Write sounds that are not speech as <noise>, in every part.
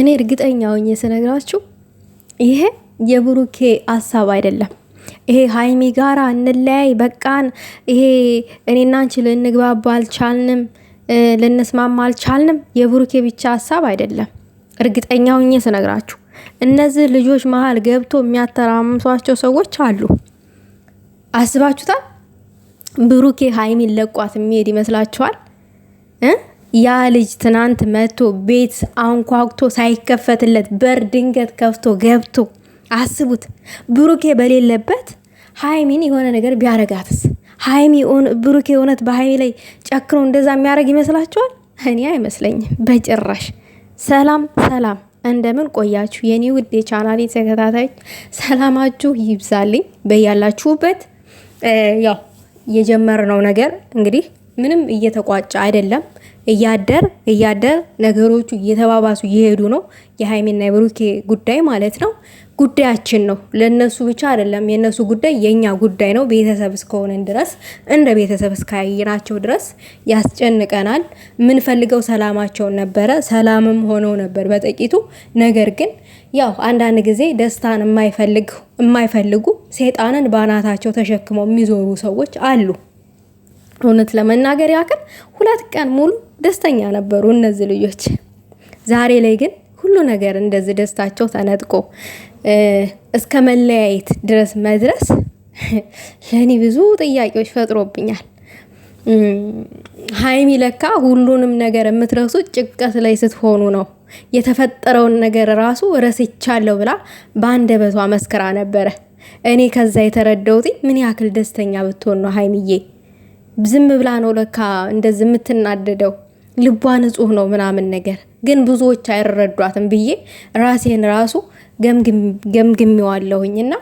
እኔ እርግጠኛ ሆኜ ስነግራችሁ ይሄ የብሩኬ ሀሳብ አይደለም። ይሄ ሀይሚ ጋራ እንለያይ በቃን፣ ይሄ እኔና አንቺ ልንግባባ አልቻልንም፣ ልንስማማ አልቻልንም የብሩኬ ብቻ ሀሳብ አይደለም። እርግጠኛ ሆኜ ስነግራችሁ እነዚህ ልጆች መሀል ገብቶ የሚያተራምሷቸው ሰዎች አሉ። አስባችሁታል? ብሩኬ ሀይሚን ለቋት የሚሄድ ይመስላችኋል? ያ ልጅ ትናንት መጥቶ ቤት አንኳኩቶ ሳይከፈትለት በር ድንገት ከፍቶ ገብቶ አስቡት። ብሩኬ በሌለበት ሀይሚን የሆነ ነገር ቢያረጋትስ? ሀይሚ ብሩኬ እውነት በሀይሚ ላይ ጨክኖ እንደዛ የሚያደርግ ይመስላችኋል? እኔ አይመስለኝም በጭራሽ። ሰላም ሰላም፣ እንደምን ቆያችሁ የኔ ውድ የቻናሌ ተከታታዮች፣ ሰላማችሁ ይብዛልኝ በያላችሁበት። ያው የጀመርነው ነገር እንግዲህ ምንም እየተቋጨ አይደለም እያደር እያደር ነገሮቹ እየተባባሱ እየሄዱ ነው። የሀይሚና የብሩኬ ጉዳይ ማለት ነው ጉዳያችን ነው። ለእነሱ ብቻ አይደለም የእነሱ ጉዳይ የእኛ ጉዳይ ነው። ቤተሰብ እስከሆንን ድረስ እንደ ቤተሰብ እስካያየናቸው ድረስ ያስጨንቀናል። የምንፈልገው ሰላማቸውን ነበረ። ሰላምም ሆነው ነበር በጥቂቱ። ነገር ግን ያው አንዳንድ ጊዜ ደስታን የማይፈልጉ ሰይጣንን በአናታቸው ተሸክመው የሚዞሩ ሰዎች አሉ። እውነት ለመናገር ያክል ሁለት ቀን ሙሉ ደስተኛ ነበሩ እነዚህ ልጆች። ዛሬ ላይ ግን ሁሉ ነገር እንደዚህ ደስታቸው ተነጥቆ እስከ መለያየት ድረስ መድረስ <laughs> ለእኔ ብዙ ጥያቄዎች ፈጥሮብኛል። ሀይሚ ለካ ሁሉንም ነገር የምትረሱት ጭንቀት ላይ ስትሆኑ ነው። የተፈጠረውን ነገር ራሱ ረስቻለሁ ብላ በአንደበቷ መስክራ ነበረ። እኔ ከዛ የተረዳሁት ምን ያክል ደስተኛ ብትሆን ነው ሀይሚዬ። ዝም ብላ ነው ለካ እንደዚህ የምትናደደው ልቧ ንጹህ ነው ምናምን ነገር ግን ብዙዎች አይረዷትም ብዬ ራሴን ራሱ ገምግሜዋለሁኝ። እና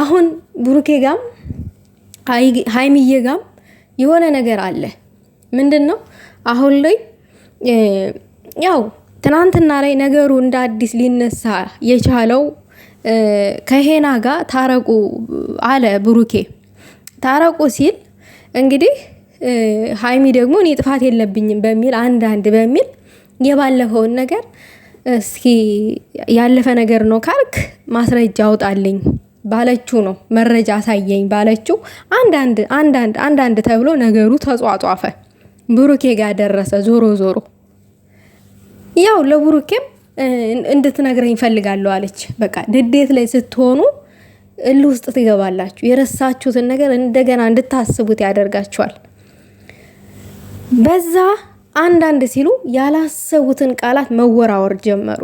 አሁን ብሩኬ ጋም ሀይሚዬ ጋም የሆነ ነገር አለ። ምንድን ነው አሁን ላይ ያው ትናንትና ላይ ነገሩ እንደ አዲስ ሊነሳ የቻለው ከሄና ጋር ታረቁ አለ ብሩኬ ታረቁ ሲል እንግዲህ ሀይሚ ደግሞ እኔ ጥፋት የለብኝም በሚል አንዳንድ በሚል የባለፈውን ነገር እስኪ ያለፈ ነገር ነው ካልክ ማስረጃ አውጣልኝ ባለችው ነው መረጃ አሳየኝ ባለችው አንዳንድ አንዳንድ አንዳንድ ተብሎ ነገሩ ተጧጧፈ። ብሩኬ ጋር ደረሰ። ዞሮ ዞሮ ያው ለብሩኬም እንድትነግረኝ እፈልጋለሁ አለች። በቃ ድዴት ላይ ስትሆኑ እል ውስጥ ትገባላችሁ። የረሳችሁትን ነገር እንደገና እንድታስቡት ያደርጋችኋል። በዛ አንዳንድ ሲሉ ያላሰቡትን ቃላት መወራወር ጀመሩ።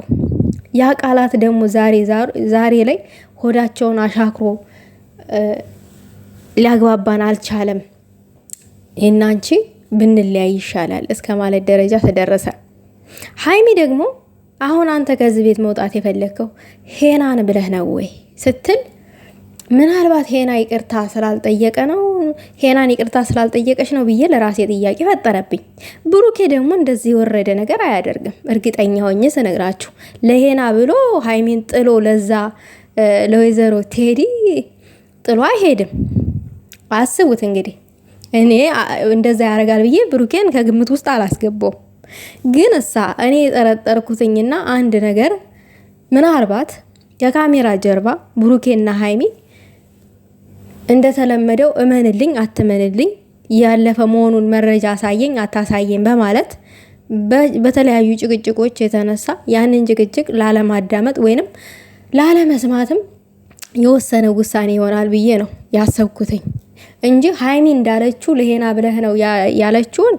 ያ ቃላት ደግሞ ዛሬ ላይ ሆዳቸውን አሻክሮ ሊያግባባን አልቻለም። ይህን አንቺ ብንለያይ ይሻላል እስከ ማለት ደረጃ ተደረሰ። ሀይሚ ደግሞ አሁን አንተ ከዚህ ቤት መውጣት የፈለግከው ሄናን ብለህ ነው ወይ ስትል ምናልባት ሄና ይቅርታ ስላልጠየቀ ነው ሄናን ይቅርታ ስላልጠየቀች ነው ብዬ ለራሴ ጥያቄ ፈጠረብኝ። ብሩኬ ደግሞ እንደዚህ የወረደ ነገር አያደርግም። እርግጠኛ ሆኜ ስነግራችሁ ለሄና ብሎ ሀይሜን ጥሎ ለዛ ለወይዘሮ ቴዲ ጥሎ አይሄድም። አስቡት እንግዲህ እኔ እንደዛ ያደርጋል ብዬ ብሩኬን ከግምት ውስጥ አላስገባውም። ግን እሳ እኔ የጠረጠርኩትኝና አንድ ነገር ምናልባት ከካሜራ ጀርባ ብሩኬና ሀይሜ እንደተለመደው እመንልኝ አትመንልኝ፣ ያለፈ መሆኑን መረጃ አሳየኝ አታሳየኝ በማለት በተለያዩ ጭቅጭቆች የተነሳ ያንን ጭቅጭቅ ላለማዳመጥ ወይንም ላለመስማትም የወሰነ ውሳኔ ይሆናል ብዬ ነው ያሰብኩትኝ እንጂ ሀይሚ እንዳለችው ለሄና ብለህ ነው ያለችውን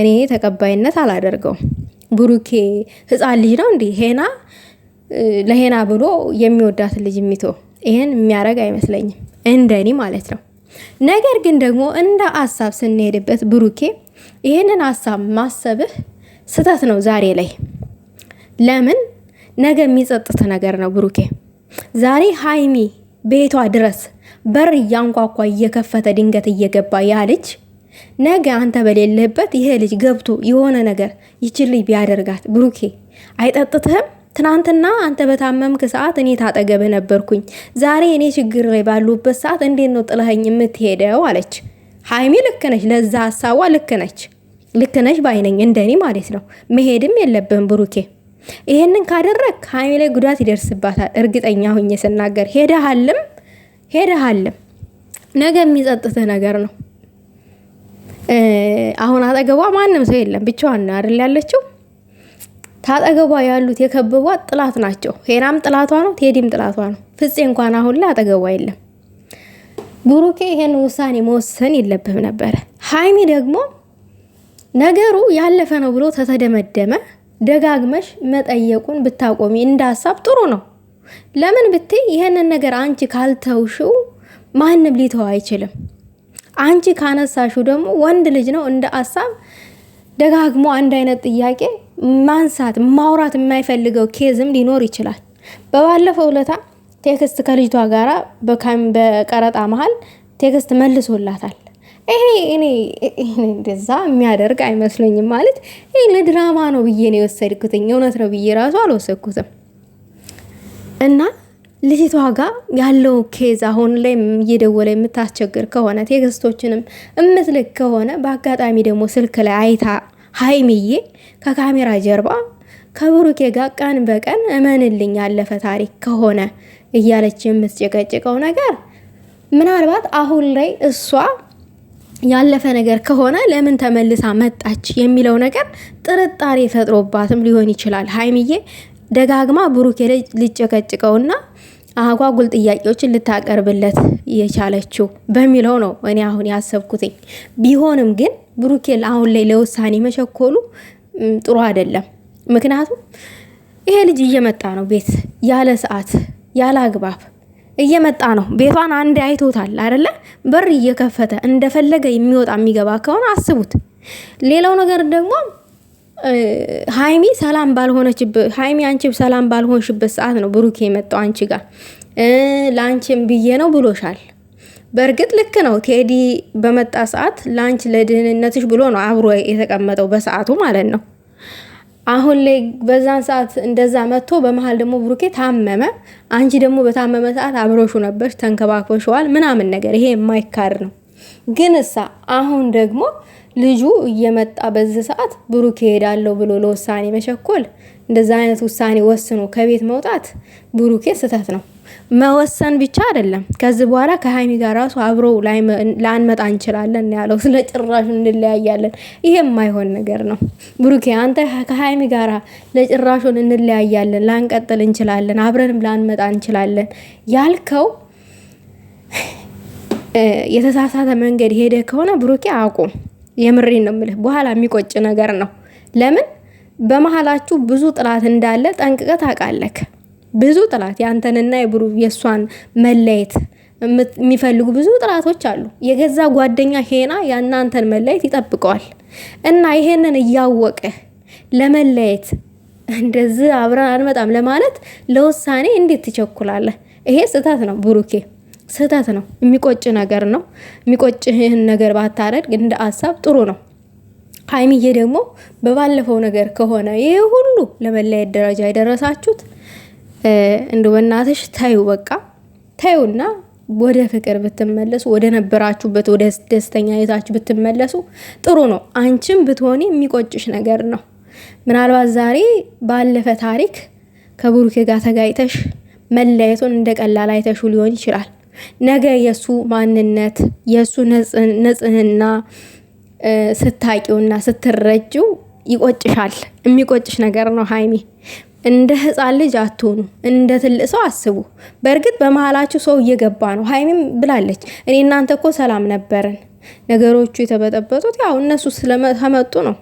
እኔ ተቀባይነት አላደርገውም። ብሩኬ ህፃን ልጅ ነው እንዲህ ሄና ለሄና ብሎ የሚወዳትን ልጅ የሚተው ይህን የሚያደርግ አይመስለኝም፣ እንደኔ ማለት ነው። ነገር ግን ደግሞ እንደ ሀሳብ ስንሄድበት ብሩኬ ይህንን ሀሳብ ማሰብህ ስህተት ነው ዛሬ ላይ። ለምን ነገ የሚጸጥት ነገር ነው ብሩኬ። ዛሬ ሀይሚ ቤቷ ድረስ በር እያንኳኳ እየከፈተ ድንገት እየገባ ያ ልጅ ነገ አንተ በሌለህበት ይሄ ልጅ ገብቶ የሆነ ነገር ይችል ቢያደርጋት ብሩኬ አይጠጥትህም? ትናንትና አንተ በታመምክ ሰዓት እኔ ታጠገብህ ነበርኩኝ። ዛሬ እኔ ችግር ላይ ባሉበት ሰዓት እንዴት ነው ጥለኸኝ የምትሄደው? አለች ሀይሚ። ልክ ነች፣ ለዛ ሀሳቧ ልክ ነች፣ ልክ ነች ባይነኝ እንደኔ ማለት ነው። መሄድም የለብህም ብሩኬ። ይሄንን ካደረግ ሀይሚ ላይ ጉዳት ይደርስባታል። እርግጠኛ ሁኜ ስናገር ሄደሃልም ሄደሃልም ነገ የሚጸጥትህ ነገር ነው። አሁን አጠገቧ ማንም ሰው የለም፣ ብቻዋን ነው አይደል ያለችው። ታጠገቧ ያሉት የከበቧት ጥላት ናቸው። ሄናም ጥላቷ ነው፣ ቴዲም ጥላቷ ነው። ፍፄ እንኳን አሁን ላይ አጠገቧ የለም። ብሩኬ ይሄን ውሳኔ መወሰን የለብህም ነበረ። ሀይሚ ደግሞ ነገሩ ያለፈ ነው ብሎ ተተደመደመ። ደጋግመሽ መጠየቁን ብታቆሚ እንደ ሀሳብ ጥሩ ነው። ለምን ብትይ ይህንን ነገር አንቺ ካልተውሽው ማንም ሊተው አይችልም። አንቺ ካነሳሹ ደግሞ ወንድ ልጅ ነው እንደ ሀሳብ ደጋግሞ አንድ አይነት ጥያቄ ማንሳት ማውራት የማይፈልገው ኬዝም ሊኖር ይችላል። በባለፈው ለታ ቴክስት ከልጅቷ ጋራ በቀረጣ መሀል ቴክስት መልሶላታል። ይሄ እኔ እንደዛ የሚያደርግ አይመስለኝም። ማለት ይሄ ለድራማ ነው ብዬ ነው የወሰድኩትኝ። እውነት ነው ብዬ ራሱ አልወሰድኩትም። እና ልጅቷ ጋር ያለው ኬዝ አሁን ላይ እየደወለ የምታስቸግር ከሆነ ቴክስቶችንም እምትልክ ከሆነ በአጋጣሚ ደግሞ ስልክ ላይ አይታ ሀይሚዬ ከካሜራ ጀርባ ከብሩኬ ጋር ቀን በቀን እመንልኝ ያለፈ ታሪክ ከሆነ እያለች የምትጨቀጭቀው ነገር ምናልባት አሁን ላይ እሷ ያለፈ ነገር ከሆነ ለምን ተመልሳ መጣች የሚለው ነገር ጥርጣሬ ፈጥሮባትም ሊሆን ይችላል። ሀይሚዬ ደጋግማ ብሩኬ ልጨቀጭቀውና አጓጉል ጥያቄዎችን ልታቀርብለት የቻለችው በሚለው ነው እኔ አሁን ያሰብኩትኝ ቢሆንም ግን ብሩኬል አሁን ላይ ለውሳኔ መቸኮሉ ጥሩ አይደለም። ምክንያቱም ይሄ ልጅ እየመጣ ነው ቤት ያለ ሰዓት ያለ አግባብ እየመጣ ነው። ቤቷን አንድ አይቶታል አይደለ? በር እየከፈተ እንደፈለገ የሚወጣ የሚገባ ከሆነ አስቡት። ሌላው ነገር ደግሞ ሀይሚ ሰላም ባልሆነችበት ሀይሚ አንቺ ሰላም ባልሆንሽበት ሰዓት ነው ብሩኬ የመጣው አንቺ ጋር ለአንቺም ብዬ ነው ብሎሻል። በእርግጥ ልክ ነው። ቴዲ በመጣ ሰዓት ለአንቺ ለድህንነትሽ ብሎ ነው አብሮ የተቀመጠው በሰዓቱ ማለት ነው። አሁን ላይ በዛን ሰዓት እንደዛ መጥቶ በመሀል ደግሞ ብሩኬ ታመመ። አንቺ ደግሞ በታመመ ሰዓት አብሮሹ ነበር ተንከባክበሸዋል ምናምን ነገር ይሄ የማይካድ ነው። ግን እሳ አሁን ደግሞ ልጁ እየመጣ በዚህ ሰዓት ብሩኬ ሄዳለሁ ብሎ ለውሳኔ መሸኮል እንደዛ አይነት ውሳኔ ወስኖ ከቤት መውጣት ብሩኬ ስህተት ነው። መወሰን ብቻ አይደለም፣ ከዚህ በኋላ ከሀይሚ ጋር ራሱ አብሮ ላንመጣ እንችላለን ያለው ስለ ጭራሹ እንለያያለን። ይሄ የማይሆን ነገር ነው። ብሩኬ አንተ ከሀይሚ ጋር ለጭራሹን እንለያያለን፣ ላንቀጥል እንችላለን፣ አብረንም ላንመጣ እንችላለን ያልከው የተሳሳተ መንገድ ሄደ ከሆነ ብሩኬ አቁም። የምሬ ነው የምልህ። በኋላ የሚቆጭ ነገር ነው። ለምን በመሀላችሁ ብዙ ጥላት እንዳለ ጠንቅቀት ታውቃለህ። ብዙ ጥላት የአንተንና የብሩ የእሷን መለየት የሚፈልጉ ብዙ ጥላቶች አሉ። የገዛ ጓደኛ ሄና የእናንተን መለየት ይጠብቀዋል እና ይሄንን እያወቀ ለመለየት እንደዚህ አብረን አንመጣም ለማለት ለውሳኔ እንዴት ትቸኩላለህ? ይሄ ስህተት ነው ብሩኬ፣ ስህተት ነው። የሚቆጭ ነገር ነው። የሚቆጭህን ነገር ባታደርግ እንደ ሀሳብ ጥሩ ነው። ሀይሚዬ ደግሞ በባለፈው ነገር ከሆነ ይህ ሁሉ ለመለየት ደረጃ የደረሳችሁት እንደ በእናትሽ ታዩ በቃ ታዩና ወደ ፍቅር ብትመለሱ ወደ ነበራችሁበት ወደ ደስተኛ የታችሁ ብትመለሱ ጥሩ ነው። አንቺም ብትሆኒ የሚቆጭሽ ነገር ነው። ምናልባት ዛሬ ባለፈ ታሪክ ከብሩኬ ጋር ተጋይተሽ መለየቱን እንደ ቀላል አይተሹ ሊሆን ይችላል። ነገ የእሱ ማንነት የእሱ ንጽህና ስታቂውና ስትረጅው ይቆጭሻል። የሚቆጭሽ ነገር ነው ሀይሚ። እንደ ህፃን ልጅ አትሆኑ እንደ ትልቅ ሰው አስቡ። በእርግጥ በመሀላችሁ ሰው እየገባ ነው። ሀይሚም ብላለች፣ እኔ እናንተ እኮ ሰላም ነበርን። ነገሮቹ የተበጠበጡት ያው እነሱ ስለመጡ ነው።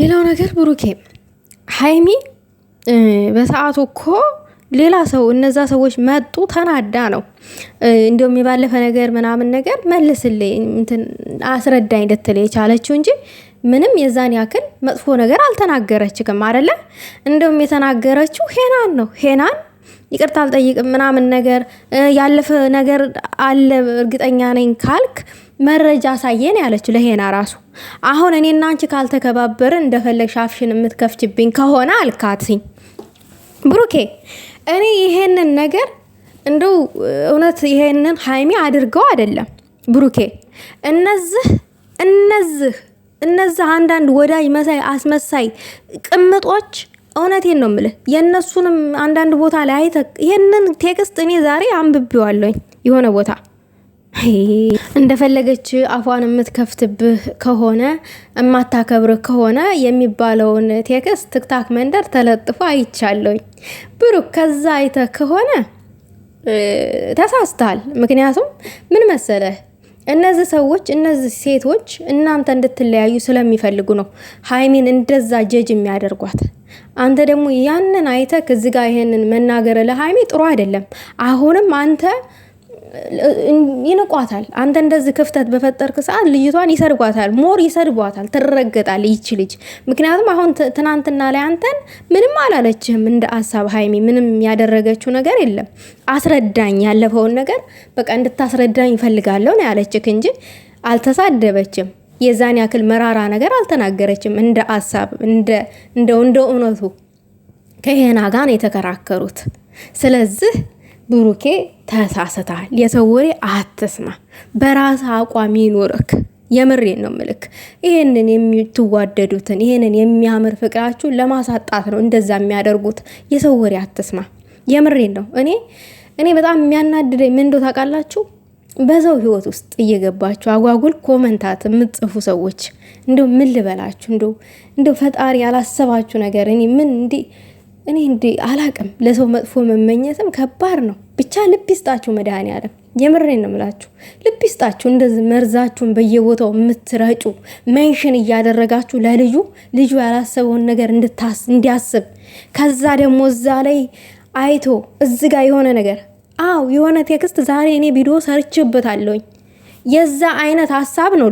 ሌላው ነገር ብሩኬ፣ ሀይሚ በሰዓቱ እኮ ሌላ ሰው እነዛ ሰዎች መጡ ተናዳ ነው እንዲሁም የባለፈ ነገር ምናምን ነገር መልስልኝ፣ አስረዳኝ ልትል የቻለችው እንጂ ምንም የዛን ያክል መጥፎ ነገር አልተናገረችም አደለ? እንደውም የተናገረችው ሄናን ነው። ሄናን ይቅርታ አልጠይቅም ምናምን ነገር ያለፈ ነገር አለ እርግጠኛ ነኝ ካልክ መረጃ አሳየን ያለችው ለሄና ራሱ። አሁን እኔ አንቺ ካልተከባበረ እንደፈለግሽ አፍሽን የምትከፍችብኝ ከሆነ አልካትኝ። ብሩኬ እኔ ይሄንን ነገር እንደው እውነት ይሄንን ሀይሚ አድርገው አይደለም ብሩኬ እነዚህ እነዚህ እነዛ አንዳንድ ወዳጅ መሳይ አስመሳይ ቅምጦች እውነቴን ነው ምልህ። የእነሱንም አንዳንድ ቦታ ላይ አይተ ይህንን ቴክስት እኔ ዛሬ አንብቤዋለኝ የሆነ ቦታ እንደፈለገች አፏን የምትከፍትብህ ከሆነ የማታከብርህ ከሆነ የሚባለውን ቴክስት ትክታክ መንደር ተለጥፎ አይቻለኝ። ብሩክ ከዛ አይተህ ከሆነ ተሳስተሃል። ምክንያቱም ምን መሰለህ እነዚህ ሰዎች እነዚህ ሴቶች እናንተ እንድትለያዩ ስለሚፈልጉ ነው ሀይሚን እንደዛ ጀጅ የሚያደርጓት። አንተ ደግሞ ያንን አይተህ ከዚህ ጋር ይሄንን መናገር ለሀይሚ ጥሩ አይደለም። አሁንም አንተ ይንቋታል። አንተ እንደዚህ ክፍተት በፈጠርክ ሰዓት ልጅቷን ይሰድጓታል፣ ሞር ይሰድጓታል፣ ትረገጣል ይች ልጅ። ምክንያቱም አሁን ትናንትና ላይ አንተን ምንም አላለችህም እንደ አሳብ ሀይሚ ምንም ያደረገችው ነገር የለም። አስረዳኝ፣ ያለፈውን ነገር በቃ እንድታስረዳኝ ይፈልጋለሁ ነው ያለችክ እንጂ አልተሳደበችም። የዛን ያክል መራራ ነገር አልተናገረችም። እንደ አሳብ እንደው እንደ እውነቱ ከሄና ጋር ነው የተከራከሩት። ስለዚህ ብሩኬ ተሳስተሃል። የሰው ወሬ አትስማ። በራስ አቋም ይኖርክ። የምሬን ነው ምልክ ይህንን የምትዋደዱትን ይህንን የሚያምር ፍቅራችሁን ለማሳጣት ነው እንደዛ የሚያደርጉት። የሰው ወሬ አትስማ። የምሬን ነው። እኔ እኔ በጣም የሚያናድደኝ ምንዶ እንደው ታውቃላችሁ? በሰው ህይወት ውስጥ እየገባችሁ አጓጉል ኮመንታት የምትጽፉ ሰዎች እንደው ምን ልበላችሁ? እንደው እንደው ፈጣሪ ያላሰባችሁ ነገር እኔ ምን እንዲህ እኔ እንዲ አላቅም። ለሰው መጥፎ መመኘትም ከባድ ነው። ብቻ ልብ ይስጣችሁ መድኃኔዓለም፣ የምሬን ነው ምላችሁ። ልብ ይስጣችሁ። እንደዚህ መርዛችሁን በየቦታው የምትረጩ መንሽን እያደረጋችሁ ለልጁ ልጁ ያላሰበውን ነገር እንዲያስብ ከዛ ደግሞ እዛ ላይ አይቶ እዚ ጋር የሆነ ነገር አው የሆነ ቴክስት ዛሬ እኔ ቪዲዮ ሰርችበታለሁኝ። የዛ አይነት ሀሳብ ነው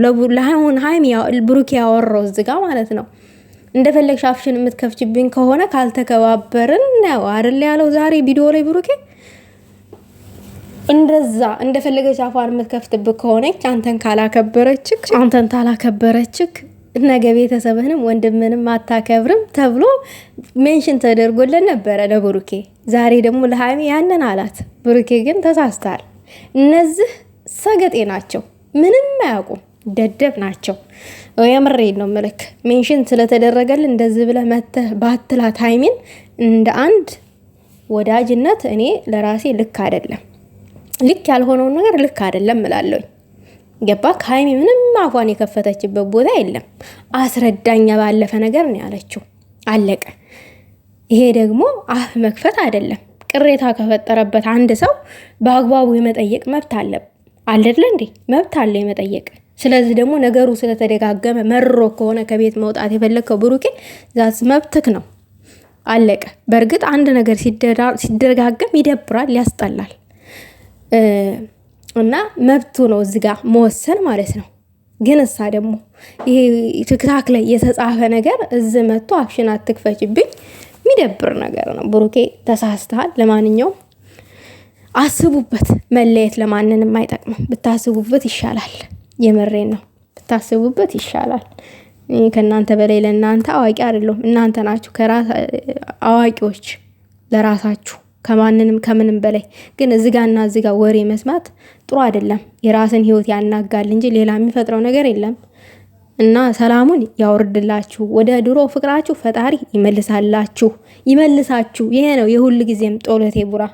ሀይም ብሩክ ያወራው እዚ ጋር ማለት ነው እንደፈለግሽ አፍሽን የምትከፍችብኝ ከሆነ ካልተከባበርን ነው አይደል ያለው ዛሬ ቪዲዮ ላይ ብሩኬ። እንደዛ እንደፈለገች አፏን የምትከፍትብህ ከሆነች አንተን ካላከበረችክ አንተን ታላከበረችክ ነገ ቤተሰብህንም ወንድምንም አታከብርም ተብሎ ሜንሽን ተደርጎለን ነበረ ለብሩኬ። ዛሬ ደግሞ ለሀሚ ያንን አላት። ብሩኬ ግን ተሳስታል። እነዚህ ሰገጤ ናቸው፣ ምንም አያውቁም። ደደብ ናቸው። የምሬን ነው ምልክ ሜንሽን ስለተደረገልን እንደዚህ ብለህ መተህ ባትላት ሀይሚን እንደ አንድ ወዳጅነት እኔ ለራሴ ልክ አይደለም፣ ልክ ያልሆነውን ነገር ልክ አይደለም እላለሁኝ። ገባ ከሀይሚ ምንም አፏን የከፈተችበት ቦታ የለም። አስረዳኛ ባለፈ ነገር ነው ያለችው፣ አለቀ። ይሄ ደግሞ አፍ መክፈት አይደለም። ቅሬታ ከፈጠረበት አንድ ሰው በአግባቡ የመጠየቅ መብት አለ አለለ እንዴ? መብት አለ የመጠየቅ ስለዚህ ደግሞ ነገሩ ስለተደጋገመ መሮ ከሆነ ከቤት መውጣት የፈለግከው ብሩኬ ዛዝ መብትክ ነው። አለቀ። በእርግጥ አንድ ነገር ሲደጋገም ይደብራል፣ ያስጠላል እና መብቱ ነው እዚ ጋ መወሰን ማለት ነው። ግን እሳ ደግሞ ይሄ ትክታክ ላይ የተጻፈ ነገር እዚህ መጥቶ አፍሽን አትክፈችብኝ የሚደብር ነገር ነው። ብሩኬ ተሳስተሃል። ለማንኛውም አስቡበት። መለየት ለማንንም አይጠቅምም፣ ብታስቡበት ይሻላል። የመሬን ነው ብታስቡበት ይሻላል። ከእናንተ በላይ ለእናንተ አዋቂ አይደለሁም። እናንተ ናችሁ አዋቂዎች ለራሳችሁ ከማንንም ከምንም በላይ ግን እዚጋና እዚጋ ወሬ መስማት ጥሩ አይደለም። የራስን ህይወት ያናጋል እንጂ ሌላ የሚፈጥረው ነገር የለም። እና ሰላሙን ያወርድላችሁ፣ ወደ ድሮ ፍቅራችሁ ፈጣሪ ይመልሳላችሁ፣ ይመልሳችሁ። ይሄ ነው የሁል ጊዜም ጦሎቴ ቡራ